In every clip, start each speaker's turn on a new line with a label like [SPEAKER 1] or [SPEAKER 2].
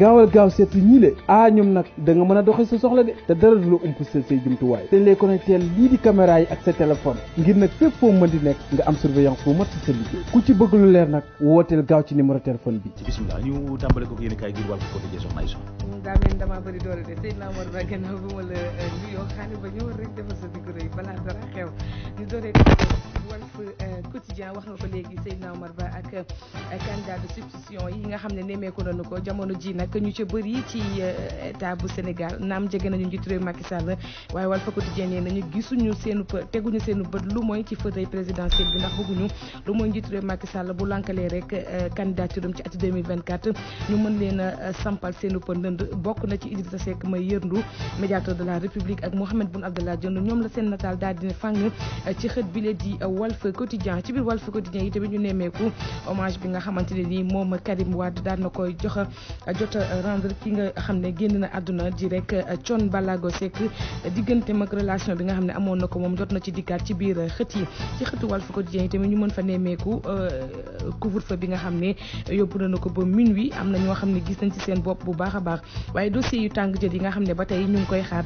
[SPEAKER 1] gaawal gaaw seet si ñii le ah, nag da nga mën a doxee sa soxla de te dara du la umpaseel say jumtuwaay dañ lay connecté lii di caméra yi ak sa téléphone ngir nag fépp foo mën di nekk nga am surveillance bu mat sa liggéey ku ci bëgg lu leer nag wooteel gaaw ci numéro téléphone bi. bisimilah ñu tàmbale ko ak yéen a kaay ngir wàllu côté soxna Aïssa. daa mel de Seydina Omar Ba gannaaw bi ma la euh, nuyoo xaalis ba ñëwoon rek defal sa digg rëy balaa dara xew yi nga xam ne nemmeeku nañu ko jamono ji nag ñu ci bëri ci euh, état bu Sénégal naam jege nañu njiitu réew waaye Walf Quotidien nee nañu gisuñu seen teguñu seen bët lu mooy ci fauteuil présidentiel bi ndax bëgguñu lu mooy njiitu réew bu lankalee rek euh, candidature ci ati ñu mën leen a sampal seen ndënd bokk na ci Idrissa Seck may yërndu médiateur de la République ak Mouhamed Boun Abdallah Dionne ñoom la seen nataal daal dina fàng euh, ci xët bi la di Quotidien ci biir Walf Quotidien te rendre ki nga xam ne génn na àdduna di rek euh, Thione Ballago Seck diggante ak relation bi nga xam ne amoon na ko moom jot na ci dikkaat ci biir euh, xët yi ci xëtu Walf ñu mën fa nemmeeku euh, couvre-feu bi nga xam ne yóbbu nañu ko ba minuit am na ñoo xam ne gis nañ ci seen bopp bu baax a baax waaye dossier yu tàng jël yi nga xam ne ba tey ñu ngi koy xaar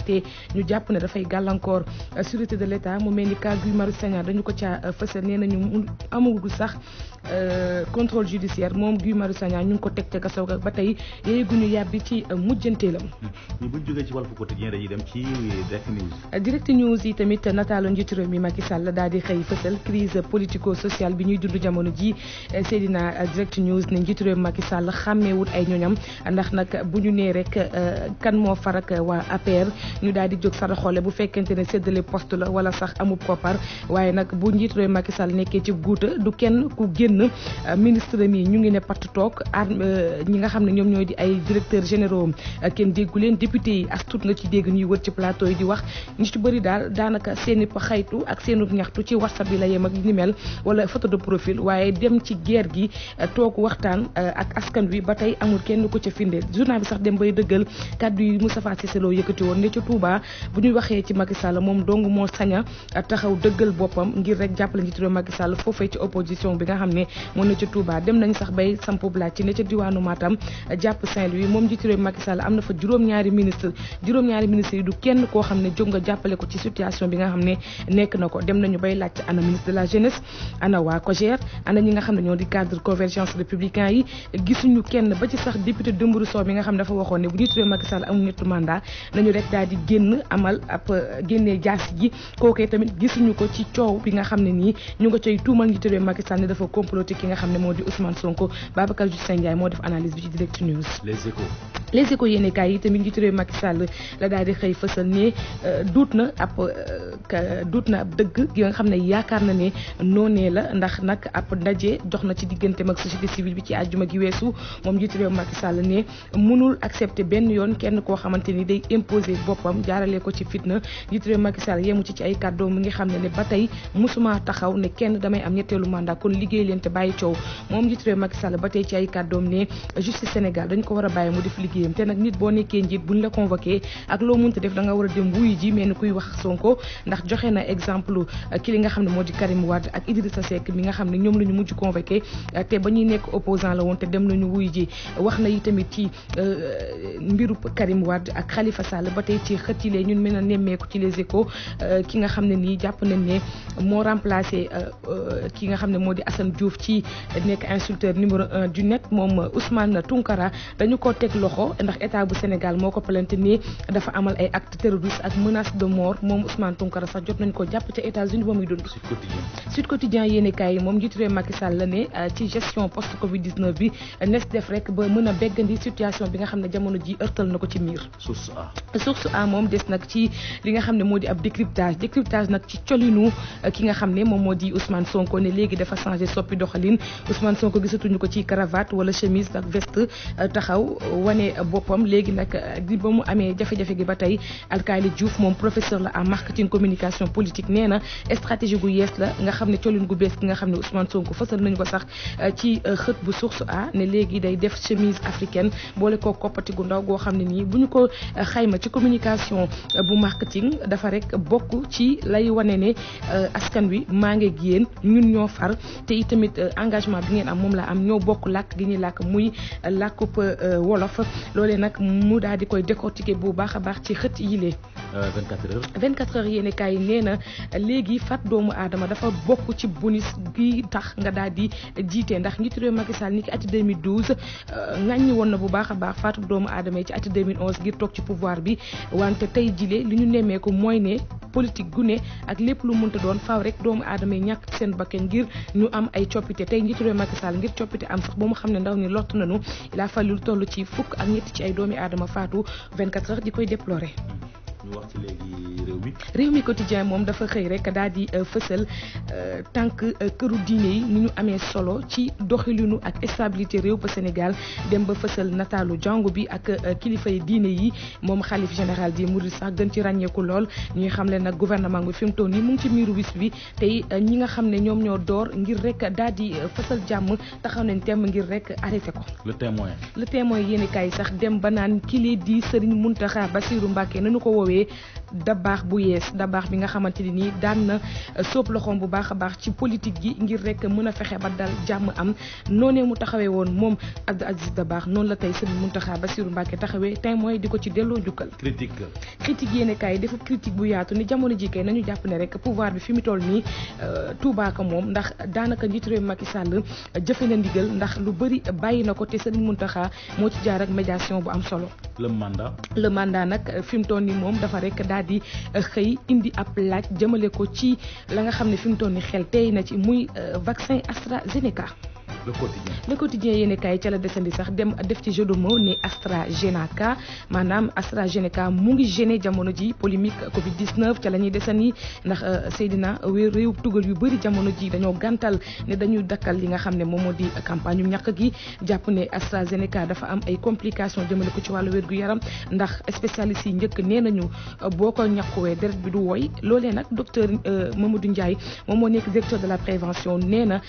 [SPEAKER 1] ñu jàpp ne dafay gàllankoor sûreté de l'État mu mel ni cas Guy Marius dañu ko caa fësal nee nañu amagul sax contrôle judiciaire moom Guy Marius Sagna ñu ngi ko teg ca kaso ba tey guñu yàbbi ci mujjanteelam. ñu buñ jógee ci Walf Direct News. yi tamit nataalu njiitu réew mi Macky Sall daal di xëy fësal crise politico sociale bi ñuy dund jamono ji Seydina Direct News ne njiitu réew mi Macky Sall xàmmeewut ay ñoñam ndax nag bu ñu nee rek euh, kan moo farak waa APR ñu daal di jóg sara xoole bu fekkente ne séddale post la wala sax amub koppar waaye nag bu njiitu réew mi Macky Sall nekkee ci guuta du kenn ku génn euh, ministre mi ñu ngi ne patt toog euh, ñi nga xam ne ñoom ay directeurs généraux kenn déggu leen député yi as tuut nga ci dégg nii wër ci plateau yi di wax ñu ci bëri daal daanaka seen i xaytu ak seen ñaxtu ci whatsapp bi la yem ak ni mel wala photo de profil waaye dem ci guerre gi euh, toog waxtaan euh, ak askan wi ba tey amul kenn ko ca finde journal bi sax dem bay dëggal kàddu yi mu Cissé Lo yëkkati woon ne ca Touba bu ñuy waxee ci Macky moom dong moo saña euh, taxaw dëggal boppam ngir rek jàppale njiitu réew Macky Sall foofee ci opposition bi nga xam ne moo ne ca Touba nañ sax bay samp laaj ci ne diwaanu Matam jàpp Saint-Louis moom njiitu réew Macky Sall am na fa juróom-ñaari ministre juróom-ñaari ministre yi du kenn koo xam ne jóg nga jàppale ko ci situation bi nga xam ne nekk na ko dem nañu bay laajte ana ministre de la jeunesse ana waa ne ñoo di cadre convergence républicain yi gisuñu kenn ba sax député Dembourou Sow bi nga xam ne dafa waxoon ne bu njiitu réew Macky Sall amul ñetti mandat nañu rek daal di génn amal ab euh, génnee jaas ji kookee tamit gisuñu ko ci coow bi nga xam ne nii ñu nga cay tuumal njiitu réew Macky Sall ne dafa comploté ki nga xam ne moo di Ousmane Sonko Babacar moo def analyse bi ci direct news Les Échos. les ko yéene yi tamit njiitu réew Macky Sall la daal di xëy fësal ne euh, duut na ab euh, duut na ab dëgg yoo nga xam ne yaakaar na ne noonee la ndax nag ab ndaje jox na ci digganteem ak société civile bi ci àjjuma gi weesu moom njiitu réew Macky Sall ne mënul accepter benn yoon kenn koo xamante ni day imposer boppam jaarale ko ci fitna njiitu réew Macky Sall yemu ci ci ay kàddoom mu ngi xam ne ne ba tey musuma taxaw ne kenn damay am ñetteelu mandat kon liggéey leen te bàyyi coow moom njiitu réew Sall ba tey ci ay kàddoom ne justice Sénégal dañ ko war a bàyyi mu def liggéey liggéeyam te nag nit boo nekkee njiit buñ la convoqué ak loo munti def da nga war a dem wuyu ji mel ni kuy wax Sonko ndax joxe na exemple euh, ki li nga xam ne moo di Karim Wade ak Idrissa Seck mi nga xam ne ñoom la ñu mujj convoqué euh, te ba ñuy nekk opposant la woon te dem nañu wuy ji wax na yi tamit ci euh, mbiru Karim Wade ak Khalifa Sall ba tey ci xët yi lee ñun mën a nemmeeku ci les échos ki nga xam ne nii jàpp nañ ne moo remplacé ki nga xam ne moo di Assane Diouf ci nekk insulteur numéro un du net moom Ousmane Tunkara dañu ko teg loxo ko ndax état bu Sénégal moo ko plainte nii dafa amal ay acte terroriste ak menace de mort moom Ousmane Tounkara sax jot nañ ko jàpp ca États-Unis ba muy dund Sud Quotidien yéeni kaay moom njiitu réew Macky la ne euh, ci gestion post Covid bi euh, nes def rek ba mën a béggandi situation bi nga xam ne jamono ji ërtal na ko ci miir source a source moom des nag ci li nga xam ne moo di ab décryptage décryptage nag ci colinu euh, ki nga xam ne moom moo di Ousmane Sonko ne léegi dafa changé soppi doxalin Ousmane Sonko gisatuñu ko ci cravate wala chemise ak veste taxaw boppam léegi nag euh, di ba mu amee jafe-jafe gi ba tey Alkali Diouf moom professeur la en marketing communication politique neena na gu yees la nga xam ne colin gu bees gi nga xam ne Ousmane Sonko fësal nañu ko sax euh, ci euh, xët bu source a ne léegi day def chemise africaine boole koo koppati gu ndaw goo xam ne nii bu ñu ko xayma ci communication bu marketing dafa rek bokk ci lay wane ne askan wi maa ngi ak ñun ñoo far te itamit engagement bi ngeen am moom la am ñoo bokk làkk gi ñuy làkk muy làkkub wolof loolee nag mu daal di koy décortiquer bu baax a baax ci xët yilee euh, 24 heures 24 heures yéen kaay nee na léegi fat doomu aadama dafa bokk ci bonus gi tax nga daal di jiite ndax njiitu réew Macky Sall ni ki ati 2012 euh, ŋàññi woon na bu baax a baax faatu doomu aadama yi ci ati 2011 ngir toog ci pouvoir bi wante tey jile li ñu nemmeeku mooy ne politique gu ak lépp lu mënta doon faaw rek doomu aadama yi ñàkk seen bakkan ngir ñu am ay coppite tey njiitu réew Macky Sall ngir coppite am sax ba xam ne ndaw ñi lott nañu il a fallu toll ci fukk ak ci ay doomi aadama faatu 24 heures di koy déplorer. ñu réew mi. réew mi moom dafa xëy rek daal di euh, fësal euh, tànk euh, këru diine yi ni ñu amee solo ci doxalinu ak stabilité réew ba Sénégal dem ba fësal nataalu jàngu bi ak kilifa yi diine yi moom xalif général di Mouride sax gën ci ràññeeku lool ñuy xam leen nag gouvernement bi fi mu toll nii ci miiru wis bi tey ñi nga xam ne ñoom ñoo door ngir rek daal di fësal jàmm taxaw nañ temm ngir rek arrêté ko. le témoin le témoin sax dem ba naan kii di Serigne Mountakha Bassirou Mbacké ko hué dabaax bu yees dabaax bi nga xamante ne nii daan na euh, sóob loxoom bu baax a baax ci politique gi ngir rek mën a fexe ba dal jàmm am noonee mu taxawee woon moom Abdou Aziz Dabaax noonu la tey Serigne Mountakha Bassirou Mbacké taxawee tey mooy di ko ci delloo njukkal. critique critique yéen kaay defu critique bu yaatu ni jamono jii kay nañu jàpp ne rek pouvoir bi fi mu toll nii euh, Touba ka moom ndax daanaka njiitu réew Macky Sall euh, jëfe na ndigal ndax lu bëri bàyyi na ko te Serigne Mountakha moo ci jaar ak médiation bu am solo. le mandat le mandat nag fi mu toll nii moom dafa rek daal di euh, xëy indi ab laaj jëmale ko ci la nga xam ne fi mu toll ni xel tey na ci muy euh, vaccin AstraZeneca le quotidien le quotidien yéen kaay ca la desandi sax dem def ci jeu de mots ne AstraZeneca maanaam AstraZeneca mu ngi gêné jamono ji polémique Covid 19 ca la ñuy desandi ndax euh, Seydina réew tugal yu bëri jamono ji dañoo gantal ne dañuy dakkal li nga xam ne moom moo di campagne yu ñàkk gi jàpp ne AstraZeneca dafa am ay complications jëmale ko ci wàllu wér gu yaram ndax spécialistes yi njëkk nee nañu euh, boo ko ñàkkuwee deret bi du woy loolee nag docteur euh, Mamadou Ndiaye moom moo nekk directeur de la prévention nee na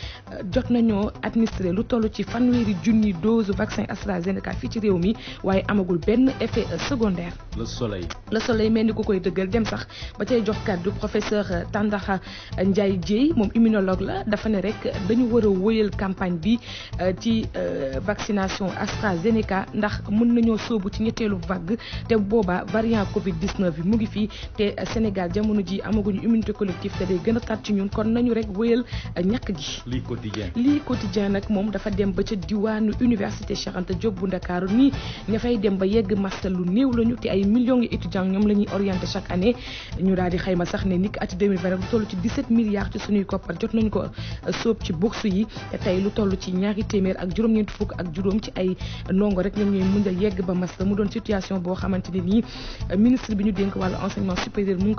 [SPEAKER 1] jot nañoo enregistré lu toll ci fanweeri junni dose vaccin AstraZeneca fii ci réew mi waaye amagul benn effet secondaire. le soleil. le soleil mel ni ku koy dëggal dem sax ba cay jox kàddu professeur Tandakha Ndiaye Dièye moom immunologue la dafa ne rek dañu war a wóyal campagne bi euh, ci euh, vaccination AstraZeneca ndax mën nañoo soobu ci ñetteelu vague te boobaa variant Covid 19 bi mu ngi fii te Sénégal jamono ji amaguñu immunité collective te day gën a tar ci ñun kon nañu rek wóyal ñàkk gi. nag moom dafa dem ba ca diwaanu université Cheikh Anta Diop bu Ndakaaru nii ña dem ba yegg master lu néew lañu te ay millions étudiants ñoom la ñuy orienté chaque année ñu daal di xayma sax ne niki at 2020 lu toll ci 17 milliards ci koppar jot nañu ko euh, sóob ci bourse yi tey lu toll ci ñaari téeméer ak juróom-ñeent fukk ak juróom ci ay ndongo rek ñoom ñooy mën yegg ba master mu doon situation boo xamante ne nii euh, ministre bi ñu dénk wàllu enseignement supérieur mu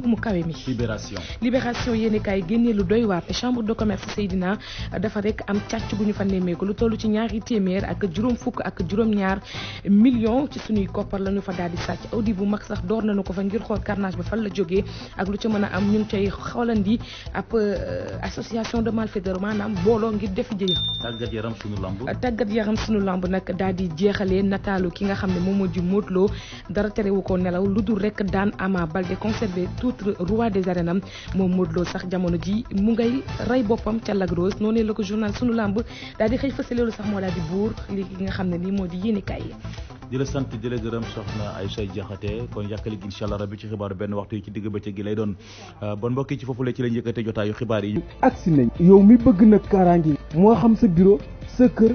[SPEAKER 1] ngi koy libération yéeni kaay génnee lu doy waar te chambre de commerce Seydina dafa rek am càcc gu ñu fa nemmeeku lu toll ci ñaari téeméer ak juróom fukk ak juróom-ñaar million ci suñuy koppar la ñu fa daal di sàcc audit bu mag sax door nañu ko fa ngir xool carnage ba fan la jógee ak lu ci mën a am ñu ngi cay ap ab euh, association de malfaiteurs maanaam booloo ngir def jëy tàggat yaram suñu lamb tàggat yaram suñu lamb nag daal di jeexalee nataalu ki nga xam ne moom moo ji Modou Lo dara terewu ko nelaw lu dul rek daan Ama Baldé conserver titre roi des arènes moom Modou Lo sax jamono ji mu ngay rey boppam ca Lac Rose noonu la ko journal sunu làmb daal di xëy fësale loolu sax moo daal di buur li nga xam ne nii moo di yéenekaay yi di la sant di la gërëm na soxna Aïcha Diakhaté kon yàkkali incha allah rabbi ci xibaaru benn waxtu yi ci digg bëccëg gi lay doon euh, bon mbokk ci foofu la ci lañ yëkkate jotaayu xibaar yi. agsi nañ yow mi bëgg nag kaaraange yi moo xam sa bureau sa kër.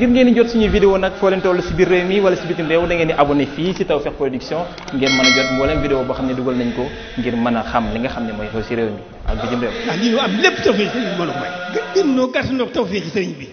[SPEAKER 1] ngir ngeen jot suñuy vidéo nag foo leen toll si biir réew mi wala si bitim réew da di abonné fii si Tawfekh Production ngeen mën a jot mboolem vidéo boo xam ne dugal nañ ko ngir mën a xam li nga xam ne mooy xew si réew mi ak bitim réew. ndax lii ñu may. gën noo gàtt noo Tawfekh sëriñ bi.